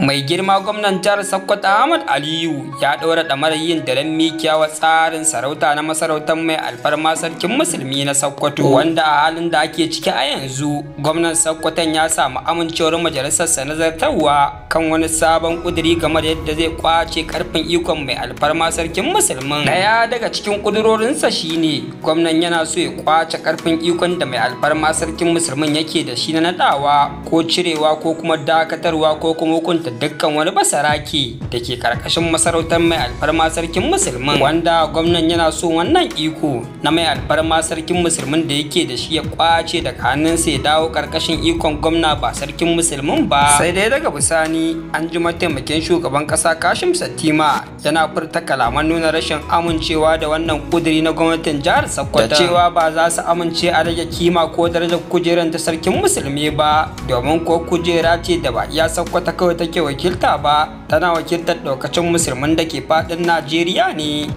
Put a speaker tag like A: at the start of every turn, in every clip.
A: mai girma gwamnan jihar Sokoto Ahmad Aliyu ya ɗora ɗamarar yin daren mikiya wa tsarin sarauta na masarautar mai alfarma sarkin musulmi na Sokoto wanda a halin da ake ciki a yanzu gwamnan Sokoto ya samu amincewar majalisar sa nazartarwa kan wani sabon kudiri game da yadda zai kwace karfin ikon mai alfarma sarkin musulmin. ɗaya daga cikin ƙudurorinsa shine gwamnan yana so ya kwace karfin ikon da mai alfarma sarkin musulmin yake da shi na nadawa ko cirewa ko kuma dakatarwa ko kuma hukunta da dukkan wani basaraki da ke karkashin masarautar mai alfarma sarkin musulmin wanda gwamnan yana so wannan iko na mai alfarma sarkin musulmin da yake da shi ya kwace daga hannunsa ya dawo karkashin ikon gwamna ba sarkin musulmin ba sai dai daga bisani an ji mataimakin shugaban kasa kashim Satima, yana furta kalaman nuna rashin amincewa da wannan kudiri na gwamnatin jihar sokoto cewa ba za su amince a rage kima ko darajar kujeran ta sarkin musulmi ba domin ko kujera ce da ba iya sokoto kawai take take wakilta ba tana wakiltar ɗaukacin musulmin da ke faɗin najeriya ne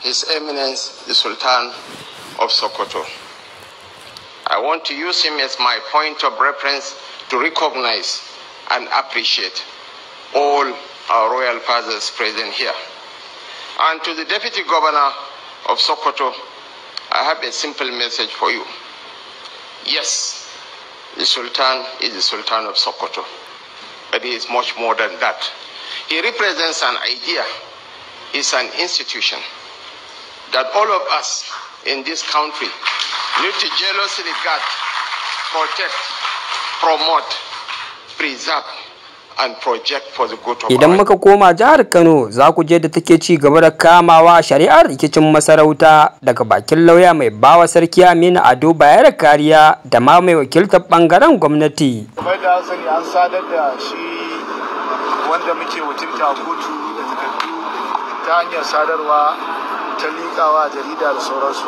B: His Eminence the Sultan of Sokoto. I want to use him as my point of reference to recognize and appreciate all our royal fathers present here. And to the Deputy Governor of Sokoto, I have a simple message for you. Yes, the Sultan is the Sultan of Sokoto, but he is much more than that. He represents an idea, he's an institution that all of us in this country need to jealously guard, protect, promote, preserve, Idan
A: muka koma jihar Kano za ku je da take ci gaba da kamawa shari'ar rikicin masarauta daga bakin lauya mai bawa sarki Aminu Ado Bayar kariya da ma mai wakiltar bangaren gwamnati.
B: Kamar da sani an sadar da shi wanda muke wakilta kotu da takardu ta hanyar sadarwa ta liƙawa jarida da sauransu.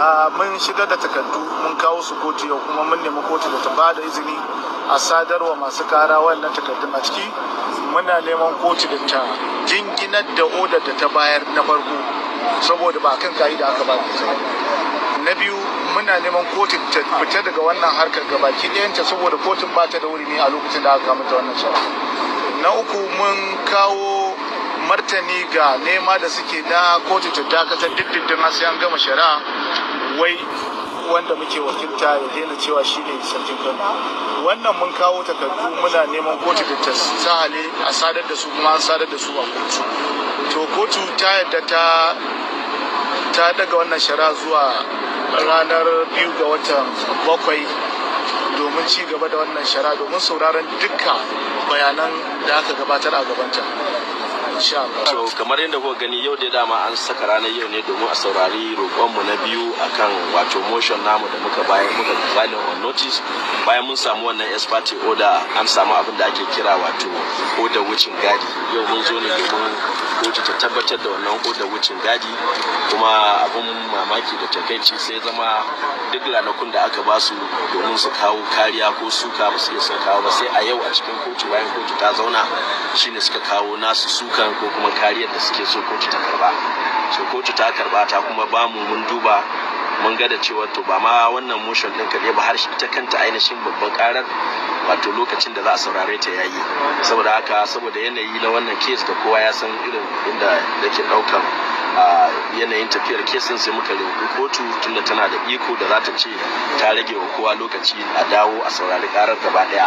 B: Ah, mun shigar da takardu mun kawo su kotu yau kuma mun nemi kotu da ta ba da izini a sadarwa masu kara wannan takardun a ciki muna neman kotu da ta jinginar da odar da ta bayar na farko saboda ba kan kayi da aka ba na biyu muna neman kotun ta fita daga wannan harkar gabaki ɗayanta saboda kotun ba ta da wuri ne a lokacin da aka kama ta wannan shara na uku mun kawo martani ga nema da suke na kotu ta dakatar duk har sai an gama shari'a wai wanda muke wakilta ya daina cewa shi ne sarkin kano wannan mun kawo takardu muna neman kotu da ta sahale a sadar da su kuma an sadar da su a kotu to kotu ta yadda ta ta daga wannan shara zuwa ranar biyu ga watan bakwai domin ci gaba da wannan shara domin sauraron duka bayanan da aka gabatar a gabanta
C: To kamar yadda kuka gani yau da dama an saka ranar yau ne domin a saurari roƙonmu na biyu akan wato motion namu da muka bayan muka filing on notice bayan mun samu wannan expert order an samu abin da ake kira wato order wucin gadi yau mun zo ne domin kotu ta tabbatar da wannan order wucin gadi kuma abin mamaki da takaici sai zama duk ranakun da aka ba su domin su kawo kariya ko suka ba su iya sun kawo ba sai a yau a cikin kotu bayan kotu ta zauna shine suka kawo nasu sukan nan ko kuma kariyar da suke so kotu ta karba so kotu ta karba ta kuma ba mu mun duba mun ga da cewa to ba ma wannan motion din kaɗai ba har ita kanta ainihin babban karar wato lokacin da za a saurare ta yayi saboda haka saboda yanayi na wannan kes da kowa ya san irin inda yake ɗaukar a yanayin tafiyar kesin sai muka roƙi kotu tunda tana da iko da za ta ce ta rage wa kowa lokaci a dawo a saurari karar gaba ɗaya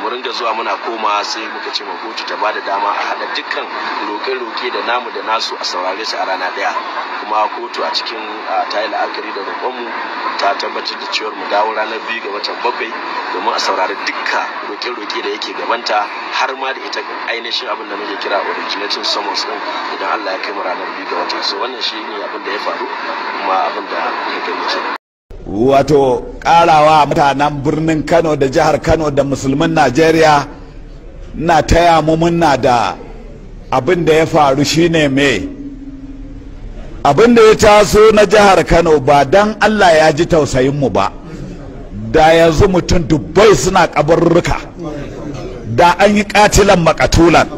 C: mu ringa zuwa muna koma sai muka ce kotu ta bada dama a hada dukkan roke-roke da namu da nasu a saurare su a rana daya kuma kotu a cikin ta yi la'akari da roƙonmu ta tabbatar da cewar mu dawo ranar biyu ga watan bakwai domin a saurari dukkan roke-roke da yake gabanta har ma da ita ainihin abin da muke kira originating summons din idan Allah ya kai mu ranar biyu ga watan so wannan shi ne abin da ya faru kuma abin da ya gani
D: wato karawa mutanen birnin kano da jihar kano da musulmin najeriya na taya mu muna da abin da ya faru shine me abin da ya taso na jihar kano ba don allah ya ji tausayinmu ba da yanzu mutum dubbai suna kabarruka da an yi katilan makatulan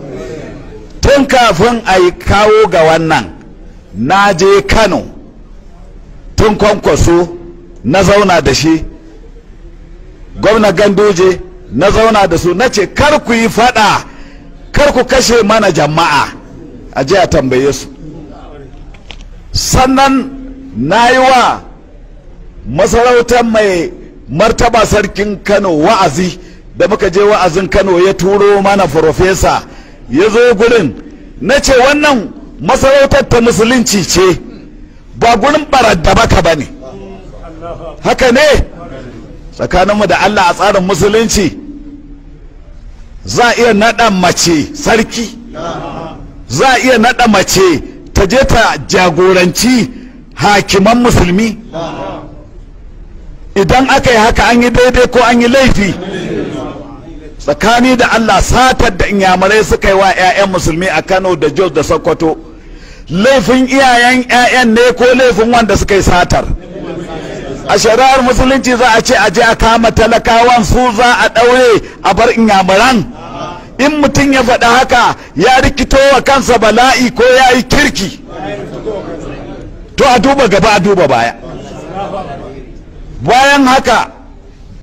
D: tun kafin a yi kawo ga wannan na je kano tun kwankwaso na zauna da shi gwamna ganduje na zauna da su na ce kar ku yi fada kar ku kashe mana jama'a a jiya tambaye su sannan na yi wa masarautar mai martaba sarkin kano wa'azi da muka je wa'azin kano ya turo mana farofesa ya zo gurin na ce wannan masarautar ta musulunci ce ba gurin barar da baka ba ne haka ne tsakaninmu da Allah a tsarin musulunci za a iya naɗa mace sarki za a iya naɗa mace ta je ta jagoranci hakiman musulmi idan aka yi haka an yi daidai ko an yi laifi tsakani da Allah satar da inyamurai suka yi wa 'ya'yan musulmi a Kano da Jos da Sokoto laifin iyayen 'ya'yan ne ko laifin wanda suka yi satar a shari'ar musulunci za a ce a je a kama talakawan su za a ɗaure a bar inyamuran in mutum ya faɗa haka ya rikito wa kansa bala'i ko ya yi kirki to a duba gaba a duba baya bayan haka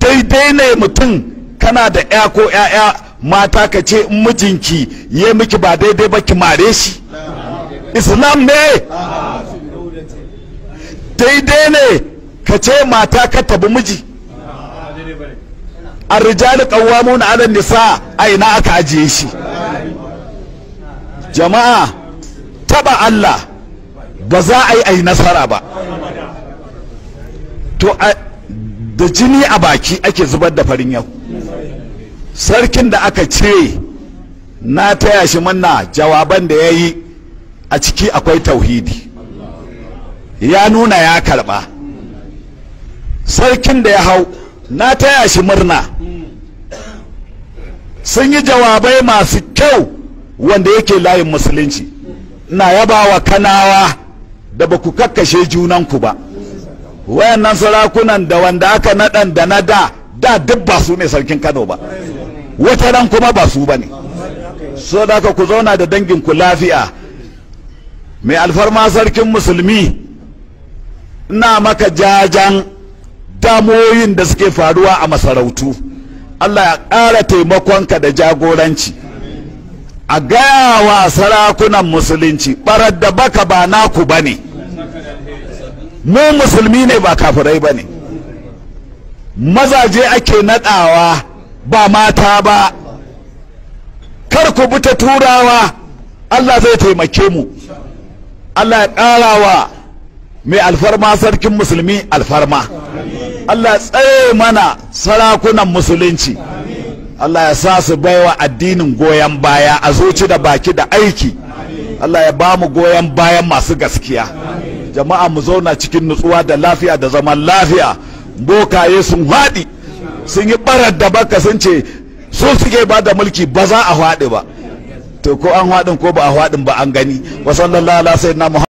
D: daidai ne mutum kana da 'ya ko 'ya'ya mata ka ce in mijinki ya miki ba daidai ba ki mare shi islam ne daidai ne ka ce mata ka tabi miji arrijalu qawwamuna 'ala nisa aina aka ajiye shi jama'a taba Allah ba za a yi ai nasara ba to da jini a baki ake zubar da farin yau sarkin da aka ce na taya shi manna jawaban da ya yi a ciki akwai tauhidi ya nuna ya karba sarkin da ya hau na taya shi murna sun yi jawabai masu kyau wanda yake layin musulunci na yaba wa kanawa da ba ku kakkashe junanku ba wayannan sarakunan da wanda aka naɗan da na da da duk ba su ne sarkin kano ba wata ran kuma ba su ba ne so da ku zauna da danginku lafiya mai alfarma sarkin musulmi ina maka jajan damoyin da suke faruwa a masarautu Allah ya ƙara taimakonka da jagoranci a gaya wa sarakunan musulunci ɓarar da baka ba naku ba ne mu musulmi ne ba kafirai ba ne mazaje ake naɗawa ba mata ba kar ku bi ta turawa Allah zai taimake mu Allah ya ƙara wa mai alfarma sarkin musulmi alfarma Allah tsaye mana sarakunan musulunci Allah ya sa su baiwa addinin goyon baya a zuci da baki da aiki Allah ya ba mu goyon bayan masu gaskiya jama'a mu zauna cikin nutsuwa da lafiya da zaman lafiya bokaye sun haɗi sun yi barar da baka sun ce su suke ba da mulki
B: ba za a haɗi ba to ko an haɗin ko ba a haɗin ba an gani wa sallallahu